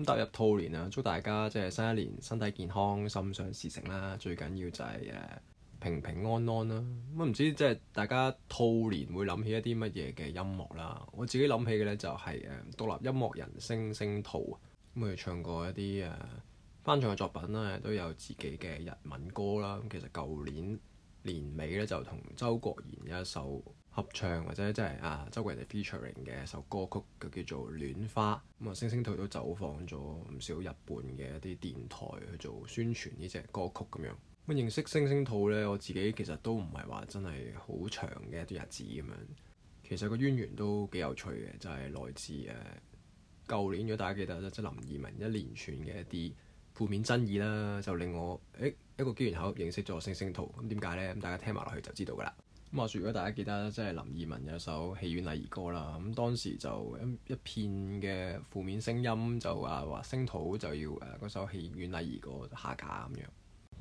咁踏入兔年啊，祝大家即係新一年身體健康、心想事成啦。最緊要就係誒平平安安啦。咁唔知即係大家兔年會諗起一啲乜嘢嘅音樂啦？我自己諗起嘅呢就係誒獨立音樂人星星兔，咁佢唱過一啲誒翻唱嘅作品啦，都有自己嘅日文歌啦。咁其實舊年年尾呢，就同周國賢有一首，合唱或者即係啊，周圍人哋 featuring 嘅一首歌曲，叫叫做《戀花》。咁、嗯、啊，星星兔都走訪咗唔少日本嘅一啲電台去做宣傳呢隻歌曲咁樣。咁、嗯、認識星星兔呢，我自己其實都唔係話真係好長嘅一啲日子咁樣。其實個淵源都幾有趣嘅，就係、是、來自誒舊、啊、年，如果大家記得咧，即、就是、林二汶一連串嘅一啲負面爭議啦，就令我誒、欸、一個機緣巧合認識咗星星兔。咁點解呢？咁大家聽埋落去就知道㗎啦。咁話説，如果大家記得即係林二汶有首戲院禮儀歌啦。咁當時就一片嘅負面聲音，就話話聲討就要誒嗰首戲院禮儀歌下架咁樣。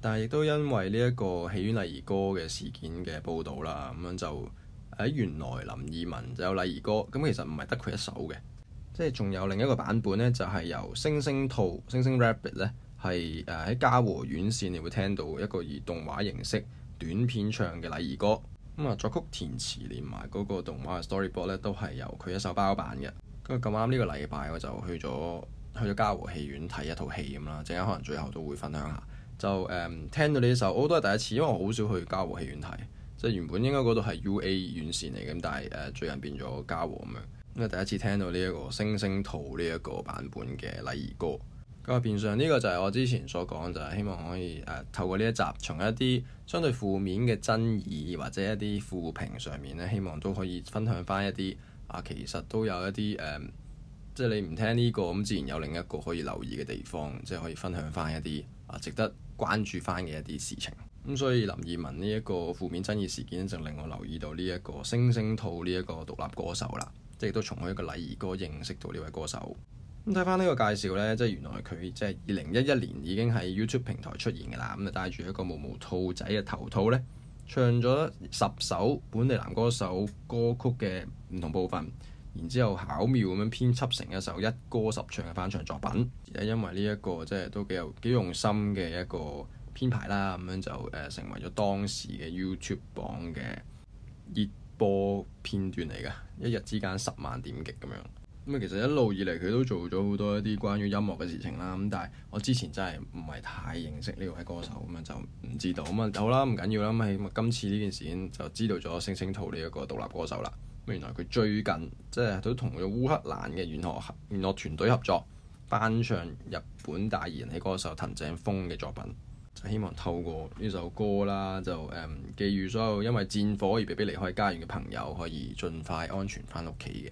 但係亦都因為呢、這、一個戲院禮儀歌嘅事件嘅報導啦，咁樣就喺原來林二汶就有禮儀歌。咁其實唔係得佢一首嘅，即係仲有另一個版本呢，就係、是、由星星兔星星 rabbit 呢，係誒喺嘉禾院線，你會聽到一個以動畫形式短片唱嘅禮儀歌。咁啊作曲填詞連埋嗰個動畫嘅 storyboard 咧，都係由佢一手包辦嘅。跟住咁啱呢個禮拜，我就去咗去咗嘉禾戲院睇一套戲咁啦。陣間可能最後都會分享下。就誒、嗯、聽到呢首，我都係第一次，因為我好少去嘉禾戲院睇。即係原本應該嗰度係 UA 院線嚟嘅，但係誒最近變咗嘉禾咁樣。咁啊第一次聽到呢一個星星兔呢一個版本嘅禮儀歌。咁啊，變相呢、這個就係我之前所講，就係、是、希望可以誒、啊、透過呢一集，從一啲相對負面嘅爭議或者一啲負評上面咧，希望都可以分享翻一啲啊，其實都有一啲誒、啊，即係你唔聽呢、這個咁，自然有另一個可以留意嘅地方，即係可以分享翻一啲啊，值得關注翻嘅一啲事情。咁所以林二汶呢一個負面爭議事件，就令我留意到呢一個星星兔呢一個獨立歌手啦，即係都從佢一個禮儀歌認識到呢位歌手。咁睇翻呢個介紹呢，即係原來佢即係二零一一年已經喺 YouTube 平台出現嘅啦。咁就戴住一個毛毛兔仔嘅頭套呢，唱咗十首本地男歌手歌曲嘅唔同部分，然之後巧妙咁樣編輯成一首一歌十唱嘅翻唱作品。而因為呢、這、一個即係都幾有幾用心嘅一個編排啦，咁樣就誒成為咗當時嘅 YouTube 榜嘅熱播片段嚟嘅，一日之間十萬點擊咁樣。咁其實一路以嚟佢都做咗好多一啲關於音樂嘅事情啦。咁但係我之前真係唔係太認識呢位歌手咁啊，就唔知道咁啊。好啦，唔緊要啦。咁啊，今次呢件事就知道咗星星兔呢一個獨立歌手啦。咁原來佢最近即係都同咗烏克蘭嘅弦樂合弦樂團隊合作，翻唱日本大人氣歌手藤井風嘅作品，就希望透過呢首歌啦，就誒、嗯、寄予所有因為戰火而被迫離開家園嘅朋友，可以盡快安全翻屋企嘅。